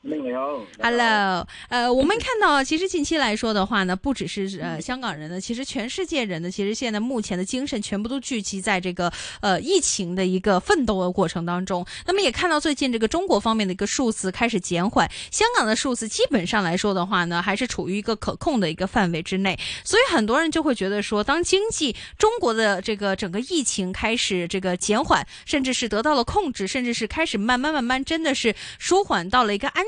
Hello 呃，我們、uh, 看到其實近期來說的話呢，不只是呃、uh, 香港人呢，其實全世界人呢，其實現在目前的精神全部都聚集在這個，呃疫情的一個奮鬥的過程當中。那麼也看到最近這個中國方面的一個數字開始減緩，香港的數字基本上來說的話呢，還是處於一個可控的一個範圍之內，所以很多人就會覺得說，當經濟中國的這個整個疫情開始這個減緩，甚至是得到了控制，甚至是開始慢慢慢慢，真的是舒緩到了一個安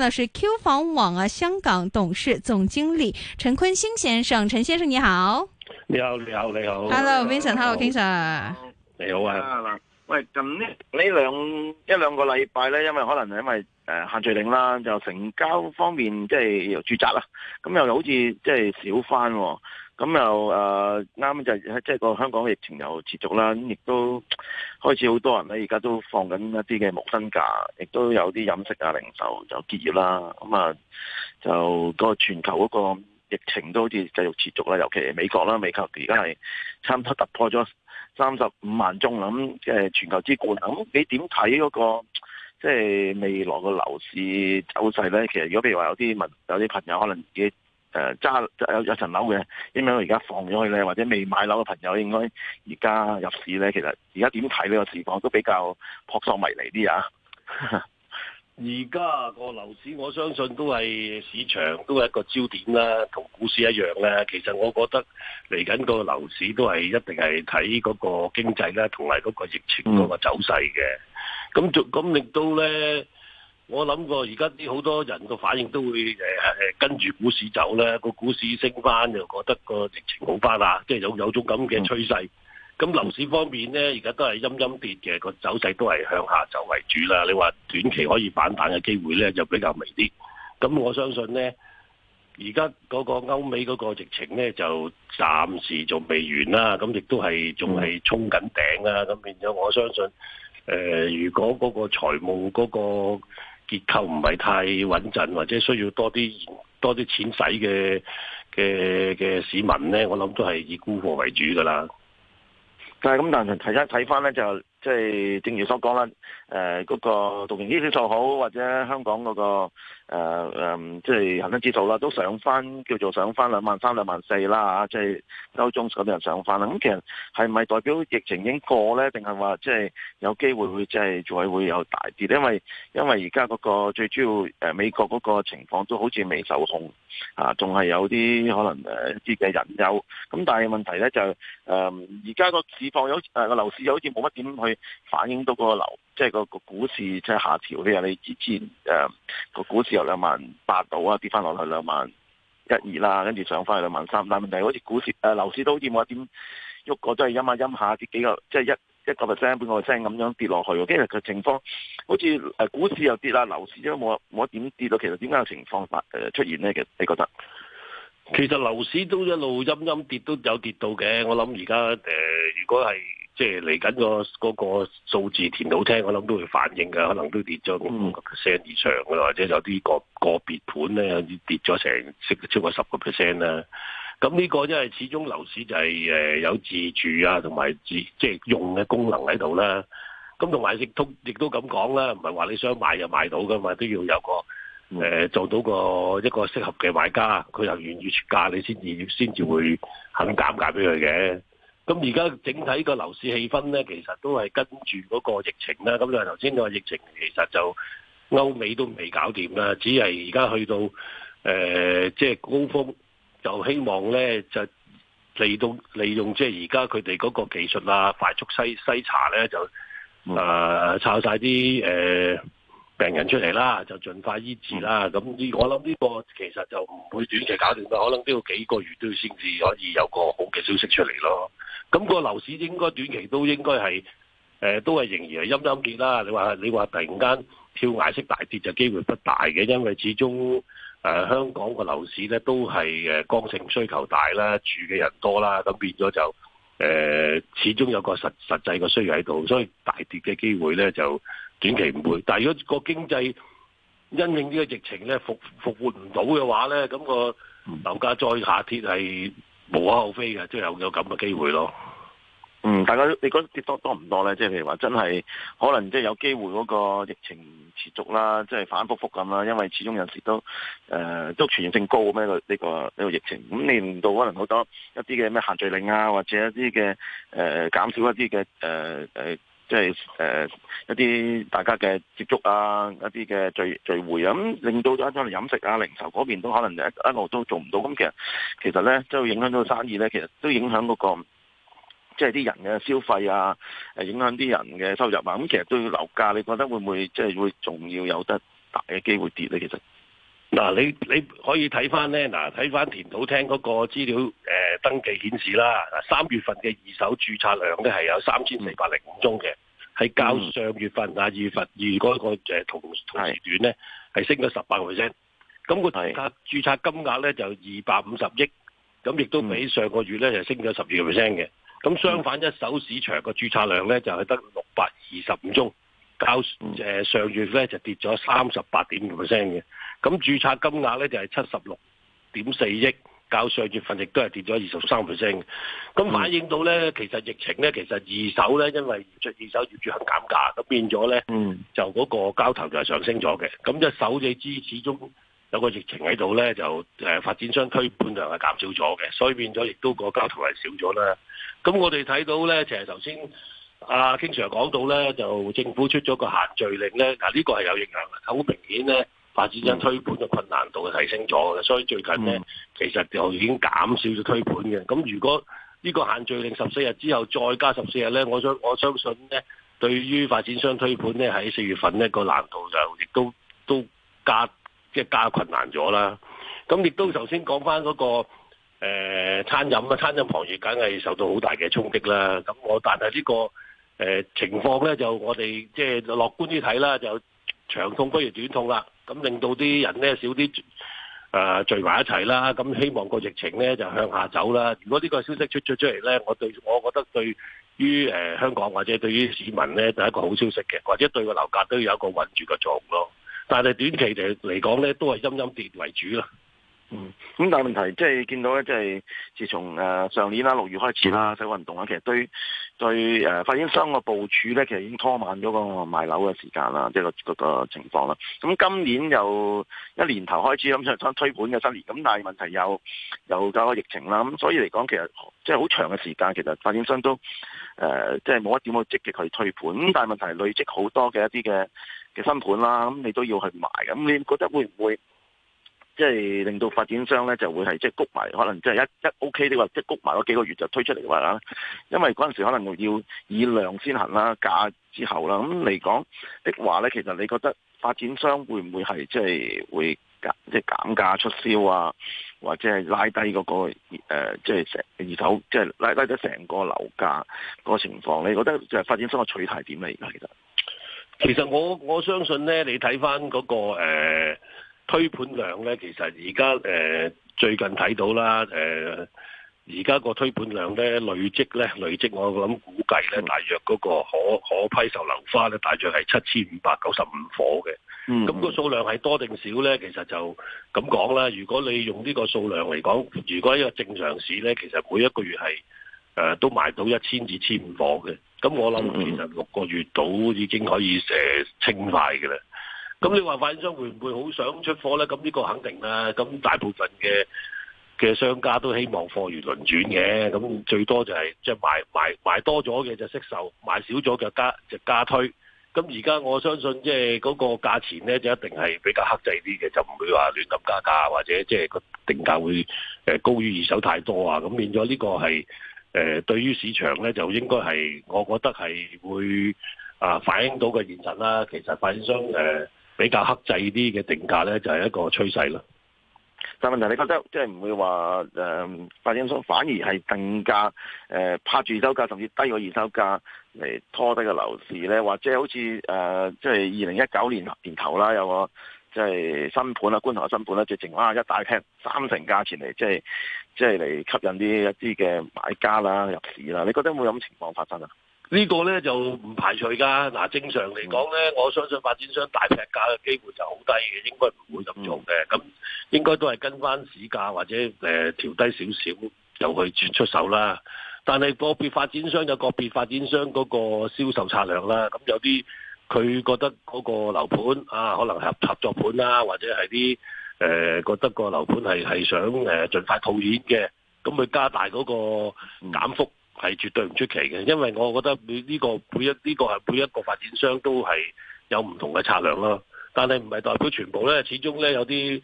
係 Q 房網啊，香港董事總經理陳坤興先生，陳先生你好，你好，你好你好你好，Hello Vincent，Hello King Sir，你好啊，喂，近呢呢兩一兩個禮拜咧，因為可能係因為誒限聚令啦，就成交方面即係、就是、住宅扎啦，咁又好似即係少返。咁又誒啱就係即係個香港嘅疫情又持續啦，咁亦都開始好多人咧，而家都放緊一啲嘅無薪假，亦都有啲飲食啊、零售就結業啦。咁啊，就個全球嗰個疫情都好似繼續持續啦，尤其美國啦，美國而家係差唔多突破咗三十五萬宗咁嘅全球之冠。咁你點睇嗰個即係未來個樓市走勢咧？其實如果譬如話有啲民有啲朋友可能自己。誒，揸、呃、有有層樓嘅，因為我而家放咗去咧，或者未買樓嘅朋友，應該而家入市咧？其實而家點睇呢個市況都比較撲朔迷離啲啊！而家個樓市，我相信都係市場都係一個焦點啦，同股市一樣咧。其實我覺得嚟緊個樓市都係一定係睇嗰個經濟啦，同埋嗰個疫情嗰個走勢嘅。咁仲咁亦都咧。我諗過，而家啲好多人個反應都會誒跟住股市走咧。個股市升翻又覺得個疫情好翻啦，即係有有種咁嘅趨勢。咁樓市方面咧，而家都係陰陰跌嘅，個走勢都係向下走為主啦。你話短期可以反彈嘅機會咧，就比較微啲。咁我相信咧，而家嗰個歐美嗰個疫情咧，就暫時仲未完啦。咁亦都係仲係衝緊頂啦。咁變咗，我相信誒，如果嗰個財務嗰個，結構唔係太穩陣，或者需要多啲多啲錢使嘅嘅嘅市民咧，我諗都係以沽貨為主㗎喇。但係咁，但係睇翻睇翻咧就。即係正如所講啦，誒、呃、嗰、那個道瓊斯指數好，或者香港嗰、那個誒即係恒生指數啦，都上翻叫做上翻兩萬三、兩萬四啦嚇，即係周中嗰啲人上翻啦。咁、嗯、其實係咪代表疫情已經過咧？定係話即係有機會會即係再會有大跌？因為因為而家嗰個最主要誒美國嗰個情況都好似未受控啊，仲係有啲可能誒啲嘅人有。咁、啊、但係問題咧就誒而家個市況有誒個、啊、樓市又好似冇乜點去。反映到嗰個樓，即係個股市即係下調啲啊！你之前誒個股市由兩萬八度啊跌翻落去兩萬一二啦，跟住上翻去兩萬三。但係問題好似股市誒樓市都好似冇一點喐過，都係陰啊陰下跌幾個，即係一一個 percent、半個 percent 咁樣跌落去。跟住個情況好似誒股市又跌啦，樓市都冇冇一點跌到。其實點解有情況發誒出現呢？其實你覺得？其實樓市都一路陰陰跌，都有跌到嘅。我諗而家誒，如果係。即係嚟緊個嗰個數字填到聽，我諗都會反應嘅，可能都跌咗五個 percent 以上嘅，嗯、或者有啲個個別盤咧跌咗成，甚至超過十、嗯，個 percent 啦。咁呢個因為始終樓市就係、是、誒、呃、有自住啊，同埋自即係用嘅功能喺度啦。咁同埋亦都亦都咁講啦，唔係話你想賣就賣到噶嘛，都要有個誒、呃、做到一個一個適合嘅買家，佢又願意出價，你先至先至會肯減價俾佢嘅。咁而家整體個樓市氣氛咧，其實都係跟住嗰個疫情啦。咁就話頭先，你話疫情其實就歐美都未搞掂啦，只係而家去到誒、呃，即係高峰，就希望咧就利到利用即係而家佢哋嗰個技術啊，快速篩篩查咧就誒炒晒啲誒。呃病人出嚟啦，就盡快醫治啦。咁呢，我諗呢個其實就唔會短期搞掂㗎，可能都要幾個月都先至可以有個好嘅消息出嚟咯。咁、那個樓市應該短期都應該係誒、呃，都係仍然係陰陰跌啦。你話你話突然間跳崖式大跌就機會不大嘅，因為始終誒、呃、香港個樓市咧都係誒剛性需求大啦，住嘅人多啦，咁變咗就誒、呃、始終有個實實際嘅需要喺度，所以大跌嘅機會咧就，短期唔會，但係如果個經濟因應呢個疫情咧復復活唔到嘅話咧，咁個樓價再下跌係無可厚非嘅，即係有有咁嘅機會咯。嗯，大家你覺得跌多多唔多咧？即係譬如話真係可能即係有機會嗰個疫情持續啦，即係反覆復咁啦。因為始終有時都誒都傳染性高咩？呢個呢個疫情咁令到可能好多一啲嘅咩限聚令啊，或者一啲嘅誒減少一啲嘅誒誒。呃呃即係誒、呃、一啲大家嘅接觸啊，一啲嘅聚聚會啊，咁、嗯、令到一啲飲食啊、零售嗰邊都可能一一,一路都做唔到，咁、嗯、其實其實咧，即係會影響到生意咧，其實都影響嗰、那個即係啲人嘅消費啊，誒、啊、影響啲人嘅收入啊，咁、嗯、其實對樓價，你覺得會唔會即係會仲要有得大嘅機會跌咧？其實？嗱、啊，你你可以睇翻咧，嗱睇翻田土廳嗰個資料，誒、呃、登記顯示啦，嗱三月份嘅二手註冊量咧係有三千零百零五宗嘅，係較上月份啊、嗯、二月份二嗰個誒同同時段咧係升咗十八個 percent，咁個註冊註冊金額咧就二百五十億，咁亦都比上個月咧就、嗯、升咗十二個 percent 嘅，咁相反、嗯、一手市場個註冊量咧就係得六百二十五宗，較誒上月咧就跌咗三十八點五 percent 嘅。咁註冊金額咧就係七十六點四億，較上月份亦都係跌咗二十三個 percent。咁反映到咧，其實疫情咧，其實二手咧，因為二手業主行減價，咁變咗咧，嗯、就嗰個交投就係上升咗嘅。咁即係首置資，始終有個疫情喺度咧，就誒、呃、發展商推盤量係減少咗嘅，所以變咗亦都個交投係少咗啦。咁我哋睇到咧，其實頭先阿經常講到咧，就政府出咗個限聚令咧，嗱、這個、呢個係有影響嘅，好明顯咧。發展商推盤嘅困難度係提升咗嘅，所以最近呢，其實就已經減少咗推盤嘅。咁如果呢個限聚令十四日之後再加十四日呢，我想我相信呢，對於發展商推盤呢，喺四月份呢個難度就亦都都加即係加困難咗啦。咁亦都頭先講翻嗰個餐飲啊，餐飲行業梗係受到好大嘅衝擊啦。咁我但係呢個誒、呃、情況呢，就我哋即係樂觀啲睇啦，就長痛不如短痛啦。咁令到啲人咧少啲誒、呃、聚埋一齊啦，咁希望個疫情咧就向下走啦。如果呢個消息出咗出嚟咧，我對我覺得對於誒、呃、香港或者對於市民咧就係一個好消息嘅，或者對個樓價都要有一個穩住嘅作用咯。但係短期嚟嚟講咧，都係陰陰跌為主咯。嗯，咁但係問題即、就、係、是、見到咧、就是，即係自從誒上年啦六月開始啦，手運動啦，嗯、其實對。對誒、呃，發展商個部署咧，其實已經拖慢咗個賣樓嘅時間啦，即係個個情況啦。咁、嗯、今年又一年頭開始諗住想推盤嘅新年，咁但係問題又又搞個疫情啦。咁所以嚟講，其實即係好長嘅時間，其實發展商都誒、呃，即係冇乜點去積極去推盤。但係問題累積好多嘅一啲嘅嘅新盤啦，咁、嗯、你都要去賣咁、嗯、你覺得會唔會？即係、就是、令到發展商咧，就會係即係谷埋，可能即係一一 O、OK、K 的話，即、就、係、是、谷埋嗰幾個月就推出嚟嘅話啦。因為嗰陣時可能要以量先行啦，價之後啦。咁嚟講的話咧，其實你覺得發展商會唔會係即係會即係減價出銷啊，或者係拉低嗰、那個即係成二手，即、就、係、是、拉拉咗成個樓價個情況？你覺得就係發展商嘅取態點嚟噶？其實其實我我相信咧，你睇翻嗰個、呃推盤量咧，其實而家誒最近睇到啦，誒而家個推盤量咧累積咧累積，我諗估計咧大約嗰個可可批售樓花咧大約係七千五百九十五伙嘅。咁、嗯嗯、個數量係多定少咧？其實就咁講啦。如果你用呢個數量嚟講，如果一個正常市咧，其實每一個月係誒、呃、都賣到一千至千五伙嘅。咁我諗其實六個月到已經可以誒、呃、清曬嘅啦。咁你話發展商會唔會好想出貨咧？咁呢個肯定啦。咁大部分嘅嘅商家都希望貨如輪轉嘅。咁最多就係即係賣賣賣多咗嘅就惜售，賣少咗就加就加推。咁而家我相信即係嗰個價錢咧就一定係比較克制啲嘅，就唔會話亂咁加價或者即係個定價會誒高於二手太多啊。咁變咗呢個係誒對於市場咧就應該係我覺得係會啊反映到嘅現實啦。其實發展商誒。比較克制啲嘅定價咧，就係一個趨勢啦。但係問題，你覺得即係唔會話誒，發展商反而係定價誒，呃、拍住二手價甚至低過二手價嚟拖低個樓市咧？或者好似誒，即係二零一九年年頭啦，有個即係新盤啦，觀塘嘅新盤咧，直情哇一大批三成價錢嚟，即係即係嚟吸引啲一啲嘅買家啦入市啦。你覺得有冇咁情況發生啊？呢個呢就唔排除㗎，嗱、啊、正常嚟講呢，嗯、我相信發展商大劈價嘅機會就好低嘅，應該唔會咁做嘅。咁應該都係跟翻市價或者誒調、呃、低少少就去出出手啦。但係個別發展商有個別發展商嗰個銷售策略啦。咁有啲佢覺得嗰個樓盤啊，可能合合作盤啦、啊，或者係啲誒覺得個樓盤係係想誒盡、呃、快套現嘅，咁佢加大嗰個減幅。嗯係絕對唔出奇嘅，因為我覺得每呢個每一呢個係每一個發展商都係有唔同嘅策略啦。但係唔係代表全部咧，始終咧有啲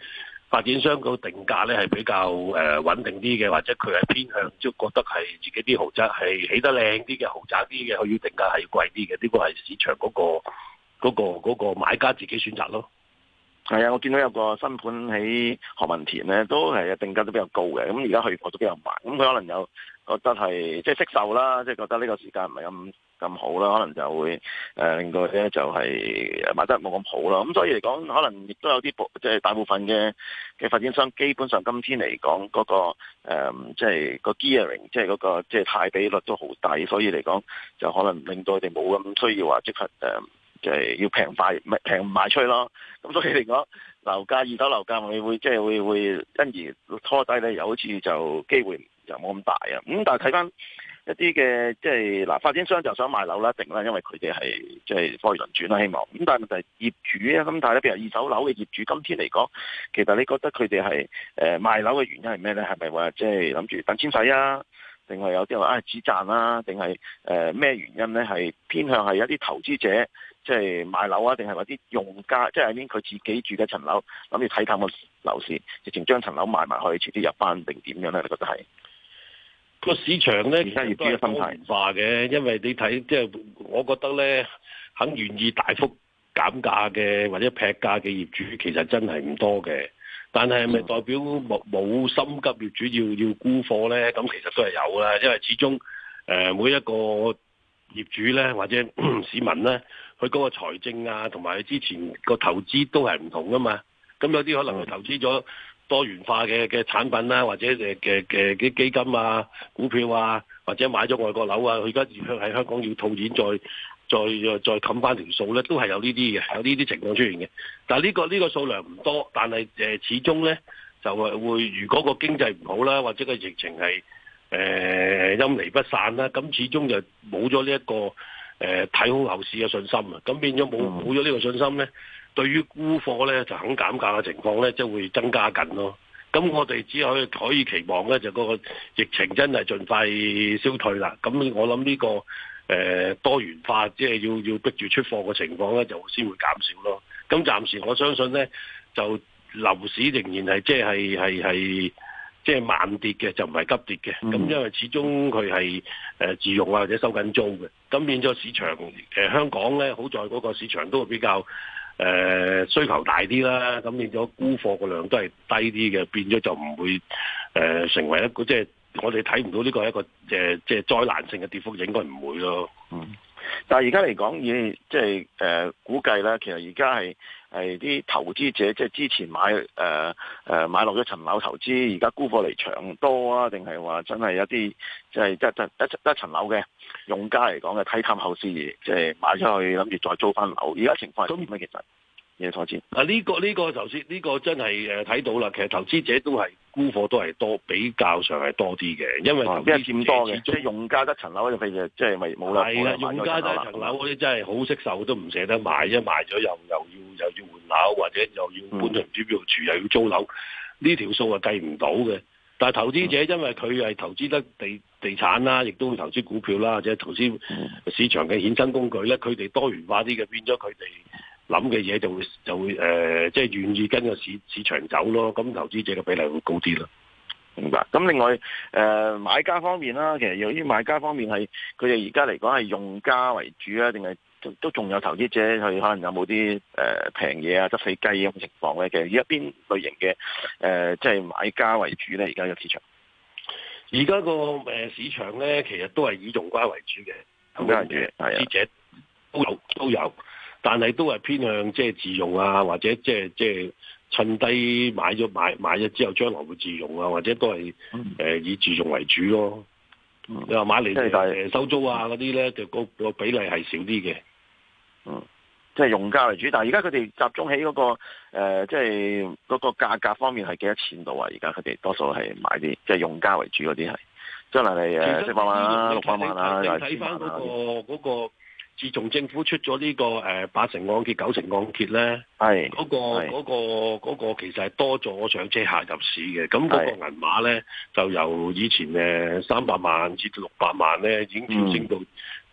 發展商個定價咧係比較誒穩定啲嘅，或者佢係偏向即係覺得係自己啲豪宅係起得靚啲嘅，豪宅啲嘅佢要定價係貴啲嘅。呢個係市場嗰個嗰個嗰個買家自己選擇咯。係啊，我見到有個新盤喺何文田咧，都係定價都比較高嘅。咁而家去貨都比較慢，咁佢可能有。覺得係即係惜售啦，即係覺得呢個時間唔係咁咁好啦，可能就會誒、呃、令到咧就係賣得冇咁好啦。咁、嗯、所以嚟講，可能亦都有啲即係大部分嘅嘅發展商，基本上今天嚟講嗰個、嗯、即係、個 gearing，即係嗰、個即係派比率都好低，所以嚟講就可能令到佢哋冇咁需要話即刻誒誒要平快平賣出去咯。咁、嗯、所以嚟講樓價二手樓價會即會即係會會因而拖低咧，又好似就機會就冇咁大啊！咁、嗯、但係睇翻一啲嘅即係嗱，發展商就想賣樓啦，一定啦，因為佢哋係即係貨如輪轉啦，希望。咁但係問題業主咁、嗯、但態咧，譬如二手樓嘅業主，今天嚟講，其實你覺得佢哋係誒賣樓嘅原因係咩咧？係咪話即係諗住等錢使啊？定係有啲話啊止賺啊？定係誒咩原因咧？係偏向係一啲投資者即係賣樓啊？定係話啲用家即係呢？佢自己住嘅層樓，諗住睇淡個樓市，直情將層樓賣埋去，遲啲入翻定點樣咧？你覺得係？個市場咧，其，其實業主嘅心態變化嘅，因為你睇即係，就是、我覺得咧，肯願意大幅減價嘅或者劈價嘅業主，其實真係唔多嘅。但係係咪代表冇冇心急業主要要沽貨咧？咁其實都係有啦，因為始終誒、呃、每一個業主咧或者市民咧，佢嗰個財政啊同埋佢之前個投資都係唔同噶嘛。咁有啲可能係投資咗。多元化嘅嘅產品啦，或者誒嘅嘅啲基金啊、股票啊，或者買咗外國樓啊，佢而家而喺香港要套現，再再再冚翻條數咧，都係有呢啲嘅，有呢啲情況出現嘅。但係、呢、呢個呢、呢個數量唔多，但係誒始終咧就係會，如果個經濟唔好啦，或者個疫情係誒、呃、陰霾不散啦，咁始終就冇咗呢一個誒睇、呃、好後市嘅信心啊，咁變咗冇冇咗呢個信心咧。對於沽貨咧，就肯減價嘅情況咧，就會增加緊咯。咁我哋只可以可以期望咧，就嗰個疫情真係盡快消退啦。咁我諗呢個誒多元化，即係要要逼住出貨嘅情況咧，就先會減少咯。咁暫時我相信咧，就樓市仍然係即係係係即係慢跌嘅，就唔係急跌嘅。咁因為始終佢係誒自用啊，或者收緊租嘅。咁變咗市場誒香港咧，好在嗰個市場都會比較。誒、呃，需求大啲啦，咁變咗沽貨個量都係低啲嘅，變咗就唔會誒、呃、成為一個即係我哋睇唔到呢個係一個即係即係災難性嘅跌幅，應該唔會咯。嗯。但係而家嚟講，以即係誒估計咧，其實而家係係啲投資者即係之前買誒誒、呃、買落咗層樓投資，而家沽貨離場多啊？定係話真係有啲即係一層一、就是、層樓嘅用家嚟講嘅睇探後市，即、就、係、是、買咗去諗住再租翻樓。而家情況係咁。咧、嗯？其實？嘢投資啊！呢、這個呢、這個頭先呢個真係誒睇到啦。其實投資者都係沽貨都係多比較上係多啲嘅，因為投資佔、啊、多嘅。終即係用家得層樓嗰啲費事，即係咪冇啦？係、就、啊、是！的層樓用家得層樓嗰啲真係好惜手，都唔捨得賣，一賣咗又又要又要換樓，或者又要搬咗唔知邊度住，又要租樓。呢條數啊計唔到嘅。但係投資者、嗯、因為佢係投資得地地產啦，亦都會投資股票啦，或者投資市場嘅衍生工具咧。佢哋多元化啲嘅，變咗佢哋。諗嘅嘢就會就會誒、呃，即係願意跟個市市場走咯。咁投資者嘅比例會高啲咯。明白、嗯。咁另外誒、呃、買家方面啦，其實由於買家方面係佢哋而家嚟講係用家為主啊，定係都仲有投資者去可能有冇啲誒平嘢啊、執、呃、死雞咁情況咧？其實而家邊類型嘅誒、呃、即係買家為主咧？而家個市場，而家個誒市場咧，其實都係以用家為主嘅，投資者都有都有，但係都係偏向即係、就是、自用啊，或者即係即係趁低買咗買買咗之後，將來會自用啊，或者都係誒、呃、以自用為主咯。嗯、你話買嚟但係收租啊嗰啲咧，嗯、就個比例係少啲嘅。嗯，即、就、係、是、用家為主，但係而家佢哋集中喺嗰、那個誒，即係嗰個價格方面係幾多錢度啊？而家佢哋多數係買啲即係用家為主嗰啲係。將、就、來、是、你誒四百萬啊，六百萬啊，睇返嗰個。那個自從政府出咗呢、這個誒、呃、八成按揭九成按揭咧，係嗰是的、那個嗰其實係多咗上車客入市嘅，咁嗰個銀碼咧就由以前誒三百萬至六百萬咧，已經調升到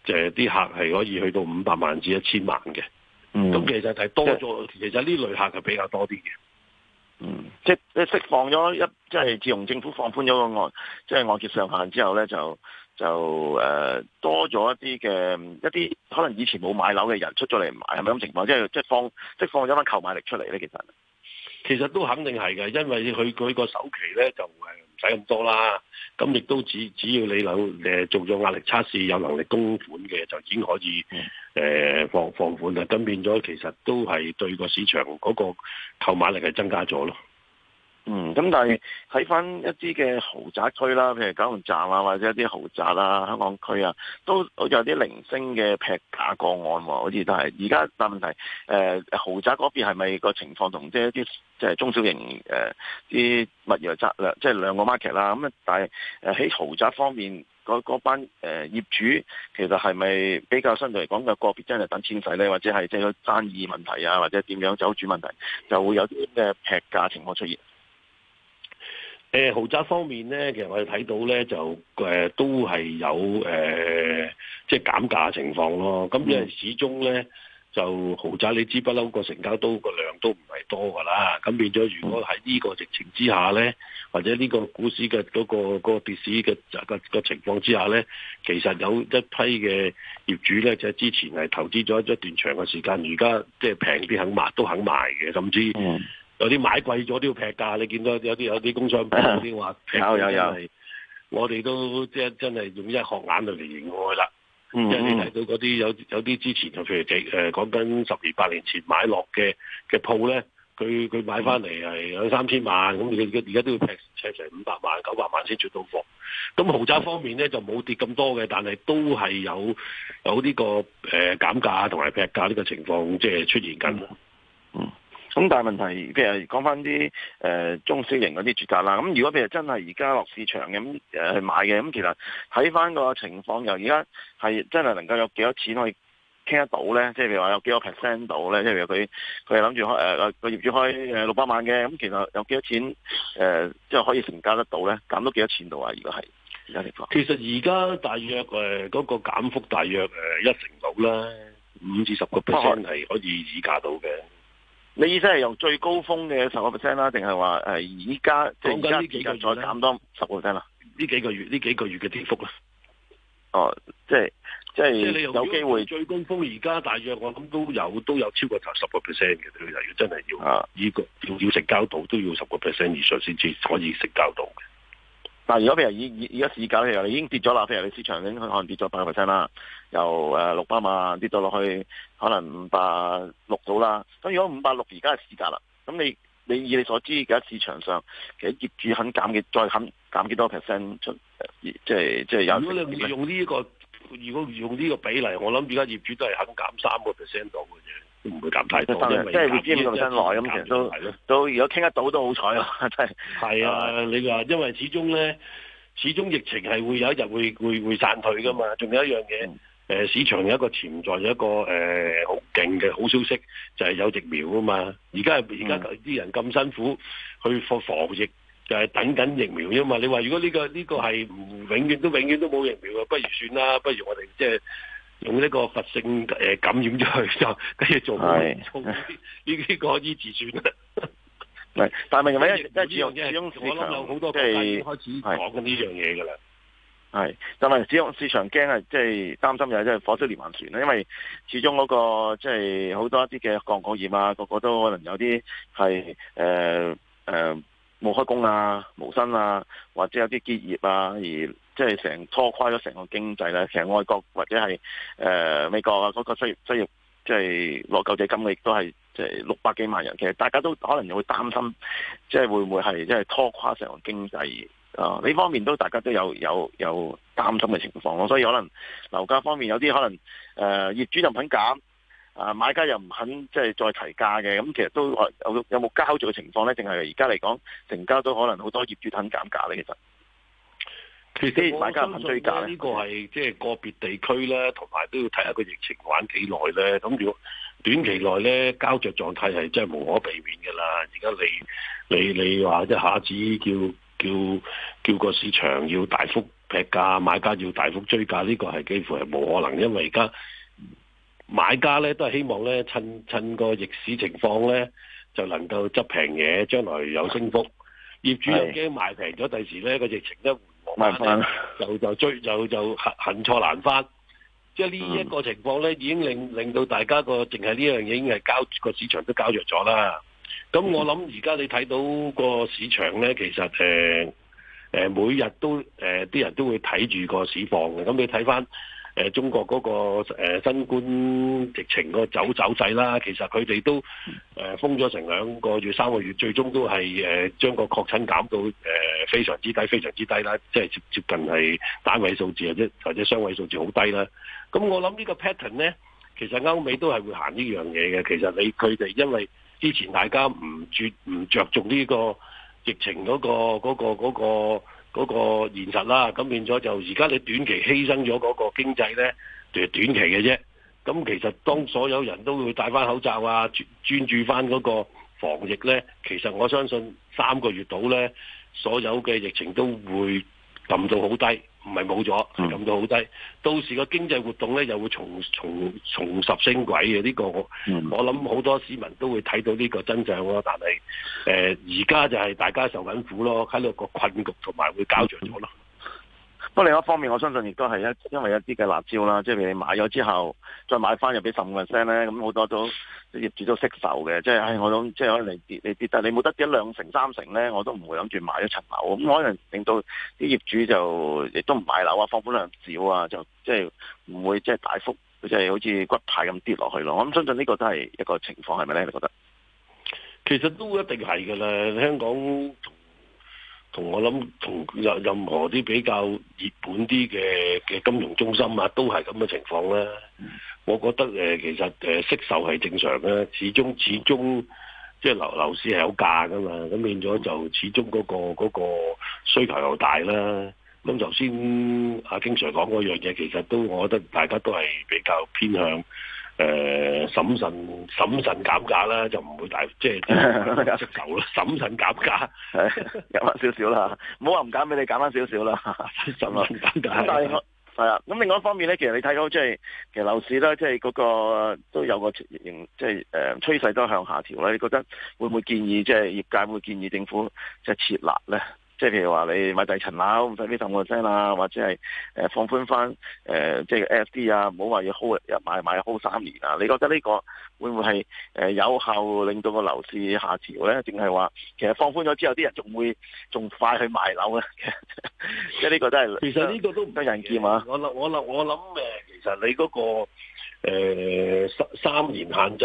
就係啲客係可以去到五百萬至一千萬嘅。咁、嗯、其實係多咗，是的 其實呢類客就比較多啲嘅。嗯，即係釋放咗一，即、就、係、是、自從政府放寬咗個按即係按揭上限之後咧就。就誒、呃、多咗一啲嘅一啲可能以前冇買樓嘅人出咗嚟買，係咪咁情況？即係即放即放咗翻購買力出嚟咧，其實其實都肯定係嘅，因為佢佢個首期咧就誒唔使咁多啦，咁亦都只只要你有誒做咗壓力測試，有能力供款嘅就已經可以誒係嘅，呃、放放款啦。咁變咗其實都係對個市場嗰，嗰個購買力係增加咗咯。嗯，咁但係睇返一啲嘅豪宅區啦，譬如九龍站啊，或者一啲豪宅啦、啊，香港區啊，都好似有啲零星嘅劈價個案喎、啊。好似都係而家但問題，誒、呃、豪宅嗰邊係咪個情況同即係一啲即係中小型誒啲、呃、物業質量，即、就、係、是、兩個 market 啦。咁啊，但係誒喺豪宅方面，嗰班誒、呃、業主其實係咪比較相對嚟講嘅個別真係等錢使咧，或者係即係爭議問題啊，或者點樣走主問題，就會有啲咩劈價情況出現。誒豪宅方面咧，其實我哋睇到咧就誒、呃、都係有誒、呃、即係減價情況咯。咁誒、嗯、始終咧就豪宅，你知不嬲個成交都個量都唔係多㗎啦。咁變咗，如果喺呢個疫情之下咧，或者呢個股市嘅嗰、嗰個嗰個嗰個跌市嘅、嗰個、嗰個情況之下咧，其實有一批嘅業主咧，就係之前係投資咗一段長嘅時間，而家即係平啲肯賣都肯賣嘅，甚至，嗯有啲買貴咗都要劈價，你見到有啲有啲工商鋪先話劈，真係我哋都即係真係用一殼眼淚嚟形容佢啦。即係、嗯嗯、你睇到嗰啲有有啲之前，就譬如即係誒講緊十年八年前買落嘅嘅鋪咧，佢佢買翻嚟係有三千萬，咁佢佢而家都要劈劈成五百萬、九百萬先出到貨。咁豪宅方面咧就冇跌咁多嘅，但係都係有有呢、這個誒、呃、減價同埋劈價呢個情況即係出現緊、嗯。嗯。咁但係問題，譬如講翻啲誒中小型嗰啲住宅啦，咁、嗯、如果譬如真係而家落市場嘅咁去買嘅，咁、嗯、其實睇翻個情況，由而家係真係能夠有幾多錢可以傾得到咧？即係譬如話有幾多 percent 到咧？因為佢佢諗住開誒個、呃、業主開誒六百萬嘅，咁、嗯、其實有幾多錢誒、呃、即係可以成交得到咧？減到幾多錢到啊？如果係而家情況，其實而家大約誒嗰、那個減幅大約誒一成到啦，五至十個 percent 係可以議價到嘅。你意思係由最高峰嘅十個 percent 啦，定係話誒而家即係而家再減多十個 percent 啦？呢幾個月呢、啊、幾個月嘅跌幅咧、啊？哦，即係即係即係你有機會最高峰而家大約我諗都有都有超過頭十個 percent 嘅，要嚟要真係要啊，呢個要要成交度都要十個 percent 以上先至可以成交度嘅。但如果譬如以以而家市價，譬如你已經跌咗啦，譬如你市場已經可能跌咗八個 percent 啦，由誒六百萬跌到落去可能五百六到啦，咁如果五百六而家係市價啦，咁你你以你所知而家市場上，其實業主肯減嘅，再肯減幾多 percent 出，即係即係有。如果你用呢個，如果用呢個比例，我諗而家業主都係肯減三個 percent 到嘅啫。都唔會減太多，即係未知唔做真耐咁，其實都都如果傾得到都好彩咯，真係係啊！你話因為始終咧，始終疫情係會有一日會會會散去噶嘛？仲有一樣嘢，誒、嗯呃、市場有一個潛在有一個誒好勁嘅好消息，就係、是、有疫苗啊嘛！而家而家啲人咁辛苦去防防疫，就係、是、等緊疫苗啫嘛！你話如果呢、這個呢、這個係唔永遠都永遠都冇疫苗啊，不如算啦，不如我哋即係。用呢個佛性誒感染咗佢，就跟住做是做呢啲呢啲嗰啲啦。係，但係咪咪因因為始終始我諗有好多公司開始講呢樣嘢噶啦。係，但係始終市場驚係即係擔心有即係火燒連環船啦。因為始終嗰、那個即係好多一啲嘅鋼礦業啊，個個都可能有啲係誒誒冇開工啊、冇薪啊，或者有啲結業啊而。即係成拖垮咗成個經濟咧，其實外國或者係誒、呃、美國啊嗰個失業失業即係攞救濟金亦都係即係六百幾萬人。其實大家都可能又會擔心，即、就、係、是、會唔會係即係拖垮成個經濟啊？呢、呃、方面都大家都有有有擔心嘅情況咯。所以可能樓價方面有啲可能誒、呃、業主就唔肯減啊、呃，買家又唔肯即係再提價嘅。咁、嗯、其實都有有冇交住嘅情況咧？定係而家嚟講成交都可能好多業主肯減價咧。其實。除非買家肯追價，呢個係即係個別地區咧，同埋都要睇下個疫情玩幾耐咧。咁如果短期內咧，膠着狀態係真係無可避免嘅啦。而家你你你話一下子叫叫叫個市場要大幅劈價，買家要大幅追價，呢、這個係幾乎係冇可能，因為而家買家咧都係希望咧趁趁個逆市情況咧，就能夠執平嘢，將來有升幅。業主又驚賣平咗，第時咧個疫情一～慢慢就就追就就行行錯難翻，即係呢一個情況咧，已經令令到大家個淨係呢樣嘢已經係交個市場都交弱咗啦。咁、嗯、我諗而家你睇到個市場咧，其實誒誒、呃、每日都誒啲、呃、人都會睇住個市況嘅。咁你睇翻。誒、呃、中國嗰、嗰個、呃、新冠疫情個走走勢啦，其實佢哋都誒、呃、封咗成兩個月、三個月，最終都係誒、呃、將個確診減到誒、呃、非常之低、非常之低啦，即係接接近係單位數字或者或者雙位數字好低啦。咁我諗呢個 pattern 咧，其實歐美都係會行呢樣嘢嘅。其實你佢哋因為之前大家唔著唔着重呢個疫情嗰個嗰個嗰個。嗰個嗰個嗰個現實啦，咁變咗就而家你短期犧牲咗嗰個經濟呢，就係、短期嘅啫。咁其實當所有人都會戴翻口罩啊，專專注翻嗰個防疫呢，其實我相信三個月度呢，所有嘅疫情都會撳到好低。唔係冇咗，係降到好低。到時個經濟活動咧，又會重重重拾升軌嘅呢個，我我諗好多市民都會睇到呢個真相咯。但係誒，而家就係大家受緊苦咯，喺度個困局同埋會搞着咗咯。 不過另一方面，我相信亦都係一因為一啲嘅辣椒啦，即係譬如你買咗之後，再買翻入俾十五 percent 咧，咁好多都業主都識受嘅，即係係、哎、我諗，即係可能你跌你跌，但係你冇得你跌得一兩成、三成咧，我都唔會諗住買一層樓，咁、嗯、可能令到啲業主就亦都唔買樓啊，放款量少啊，就即係唔會即係大幅，即係好似骨牌咁跌落去咯。我諗相信呢個都係一個情況，係咪咧？你覺得？其實都一定係㗎啦，香港。同我諗同任任何啲比較熱門啲嘅嘅金融中心啊，都係咁嘅情況啦。我覺得誒，其實誒，惜售係正常嘅，始終始終即係樓樓市係有價㗎嘛，咁變咗就始終嗰個嗰個需求又大啦。咁頭先阿 King Sir 講嗰樣嘢，其實都我覺得大家都係比較偏向。誒，審慎審慎減價啦，就唔會大即係即係求啦，審慎減價，減翻少少啦，唔好話唔減俾你減翻少少啦，審慎減價啦。咁但係我咁另外一方面咧，其實你睇到即係，其實樓市咧，即係嗰個都有個即係誒趨勢都向下調啦。你覺得會唔會建議即係業界會建議政府即係設立咧？即係譬如話你買第二層樓唔使畀十五個聲啦，或者係誒放寬翻誒、呃、即係 F.D. 啊，唔好話要 hold 日買買 hold 三年啊。你覺得呢個會唔會係誒有效令到個樓市下調咧？定係話其實放寬咗之後，啲人仲會仲快去買樓咧？即係呢個真係其實呢個都唔得人見啊！我諗我諗我諗誒，其實你嗰、嗰個三、呃、三年限制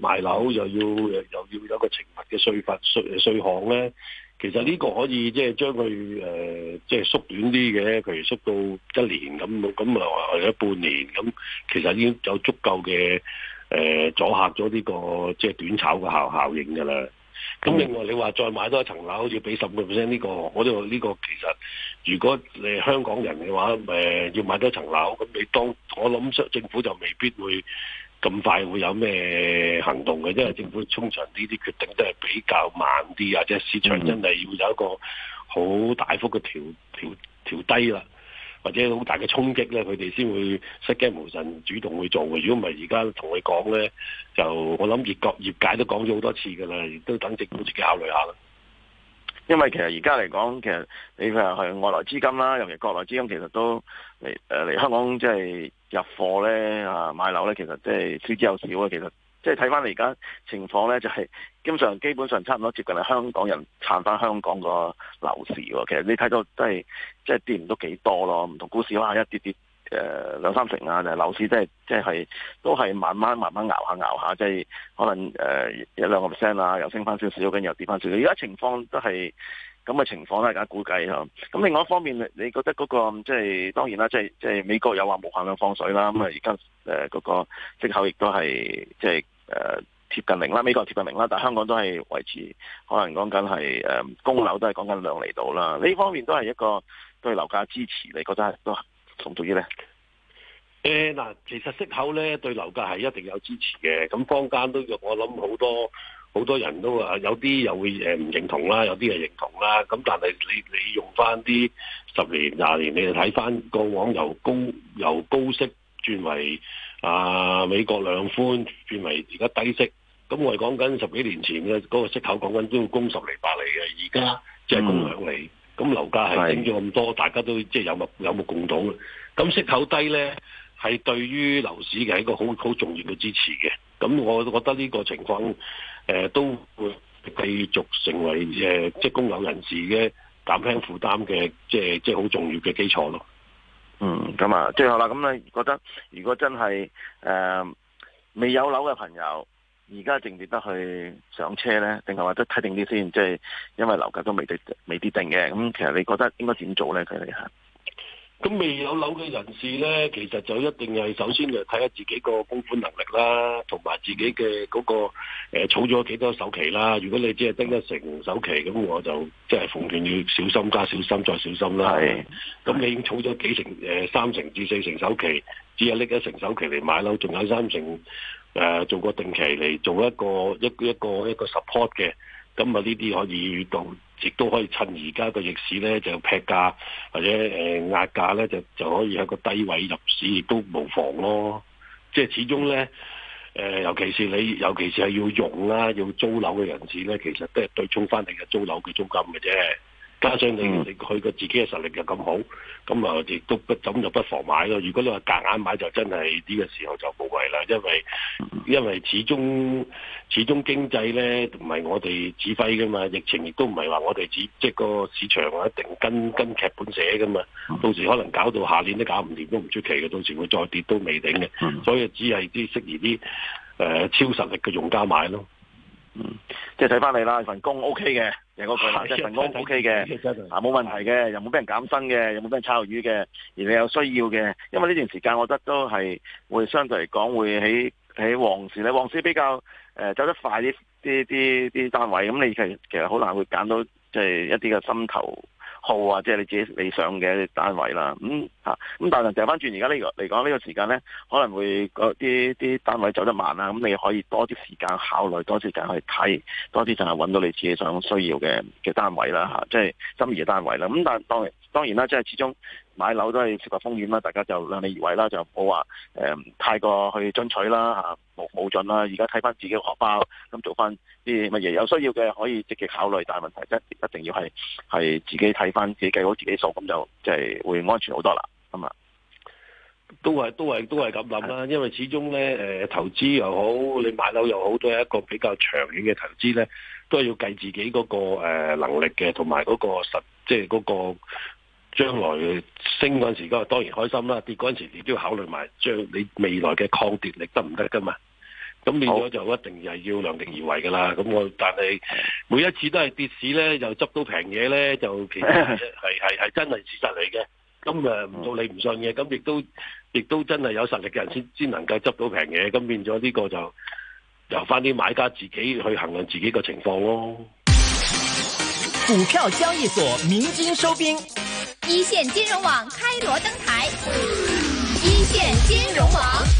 賣樓又要又要有一個懲罰嘅稅法稅稅項咧。其實呢個可以即係將佢誒即係縮短啲嘅，譬如縮到一年咁，咁啊或者半年咁，其實已經有足夠嘅誒、呃、阻嚇咗呢、呢個即係短炒嘅效效應㗎啦。咁另外你話再買多一層樓好似俾十五個 percent 呢個，我覺得呢個其實如果你係香港人嘅話，誒、呃、要買多一層樓，咁你當我諗，政府就未必會。咁快會有咩行動嘅？因為政府通常呢啲決定都係比較慢啲啊，即係市場真係要有一個好大幅嘅調調調低啦，或者好大嘅衝擊咧，佢哋先會失驚無神主動去做嘅。如果唔係而家同佢講咧，就我諗業國業界都講咗好多次㗎啦，亦都等政府自己考慮下啦。因為其實而家嚟講，其實你譬如係外來資金啦，尤其國內資金，其實都，嚟誒嚟香港即係入貨咧啊買樓咧，其實即係少之又少啊！其實即係睇翻你而家情況咧，就係、是、基本上基本上差唔多接近係香港人撐翻香港個樓市喎。其實你睇到都係即係跌唔到幾多咯，唔同股市哇一跌跌誒兩、呃、三成啊！就係、是、樓市即係即係都係慢慢慢慢熬下熬下，即係可能誒一兩個 percent 啊，又升翻少少，跟住又跌翻少少。而家情況都係。咁嘅情況咧，梗係估計嗬。咁另外一方面，你覺得嗰、那個即係當然啦，即係即係美國有話無限量放水啦。咁啊，而家誒嗰個息口亦都係即係誒、呃、貼近零啦，美國貼近零啦，但係香港都係維持，可能講緊係誒供樓都係講緊兩釐度啦。呢、嗯、方面都係一個對樓價支持，你覺得都重唔重要咧？誒嗱、呃，其實息口咧對樓價係一定有支持嘅。咁坊間都有我諗好多。好多人都話有啲又會誒唔認同啦，有啲又認同啦。咁但係你你用翻啲十年廿年，你就睇翻過往由高由高息轉為啊、呃、美國量寬轉為而家低息。咁我哋講緊十幾年前嘅嗰個息口，講緊都要供十厘八厘嘅。而家即係供兩厘。咁樓價係升咗咁多，的大家都即係有目有目共睹。咁息口低呢，係對於樓市嘅一個好好重要嘅支持嘅。咁我覺得呢個情況，誒、呃，都會繼續成為誒、呃，即係供樓人士嘅減輕負擔嘅，即係即係好重要嘅基礎咯、嗯。嗯，咁啊，最後啦，咁、嗯、你覺得，如果真係誒、呃、未有樓嘅朋友，而家值唔值得去上車咧，定係話都睇定啲先，即係因為樓價都未跌，未跌定嘅。咁、嗯、其實你覺得應該點做咧？佢哋吓？咁未有樓嘅人士呢，其實就一定係首先就睇下自己個供款能力啦，同埋自己嘅嗰個誒儲咗幾多首期啦。如果你只係得一成首期，咁我就即係奉勸要小心加小心再小心啦。係。咁你已經儲咗幾成誒三成至四成首期，只係拎一成首期嚟買樓，仲有三成誒做個定期嚟做一個一一個一個一個 support 嘅。咁啊，呢啲、嗯、可以到，亦都可以趁而家個逆市咧，就劈價或者誒、呃、壓價咧，就就可以喺個低位入市，亦都無妨咯。即係始終咧，誒、呃、尤其是你，尤其是係要用啦、啊，要租樓嘅人士咧，其實都係對沖翻你嘅租樓嘅租金嘅啫。加上你佢個自己嘅實力又咁好，咁啊亦都不怎就，就不妨買咯。如果你話夾硬，硬買就真係呢個時候就冇謂啦，因為因為始終始終經濟咧唔係我哋指揮噶嘛，疫情亦都唔係話我哋指即個市場啊一定跟跟劇本寫噶嘛。到時可能搞到下年都搞唔掂都唔出奇嘅，到時會再跌都未定嘅。所以只係啲適宜啲誒、呃、超實力嘅用家買咯。嗯，即係睇返你啦，份工 OK 嘅。成嗰 個、OK、啊，即 O K 嘅，啊冇問題嘅，又冇俾人減薪嘅，又冇俾人炒魷嘅，而你有需要嘅。因為呢段時間我覺得都係會相對嚟講會喺喺旺市咧，旺市比較誒、呃、走得快啲啲啲啲單位，咁你其實其實好難會揀到即係一啲嘅心頭鋪啊，即係你自己理想嘅單位啦，咁、嗯、嚇，咁但係掉翻轉而家呢個嚟講呢個時間呢可能會嗰啲啲單位走得慢啦，咁你可以多啲時間考慮，多啲時間去睇，多啲就係揾到你自己想需要嘅嘅單位啦嚇、啊，即係心儀嘅單位啦，咁但係當然當然啦，即係始終。買樓都係涉及風險啦，大家就量力而為啦，就唔好話誒太過去爭取啦，吓冇冇盡啦。而家睇翻自己個荷包，咁、嗯、做翻啲乜嘢有需要嘅，可以積極考慮。但係問題真一定要係係自己睇翻，自己計好自己數，咁就即係、就是、會安全好多啦。咁啊，都係都係都係咁諗啦。的因為始終咧，誒、呃、投資又好，你買樓又好，都係一個比較長遠嘅投資咧，都係要計自己嗰個誒能力嘅，同埋嗰個實即係、那、嗰個。將來升嗰陣時，佢當然開心啦；跌嗰陣時，你都要考慮埋將你未來嘅抗跌力得唔得噶嘛？咁變咗就一定係要量力而為噶啦。咁我但係每一次都係跌市咧，就執到平嘢咧，就其實係係係真係事實嚟嘅。咁誒唔到你唔信嘅，咁亦都亦都真係有實力嘅人先先能夠執到平嘢。咁變咗呢個就由翻啲買家自己去衡量自己個情況咯。股票交易所明金收兵。一線金融網開鑼登台，一線金融網。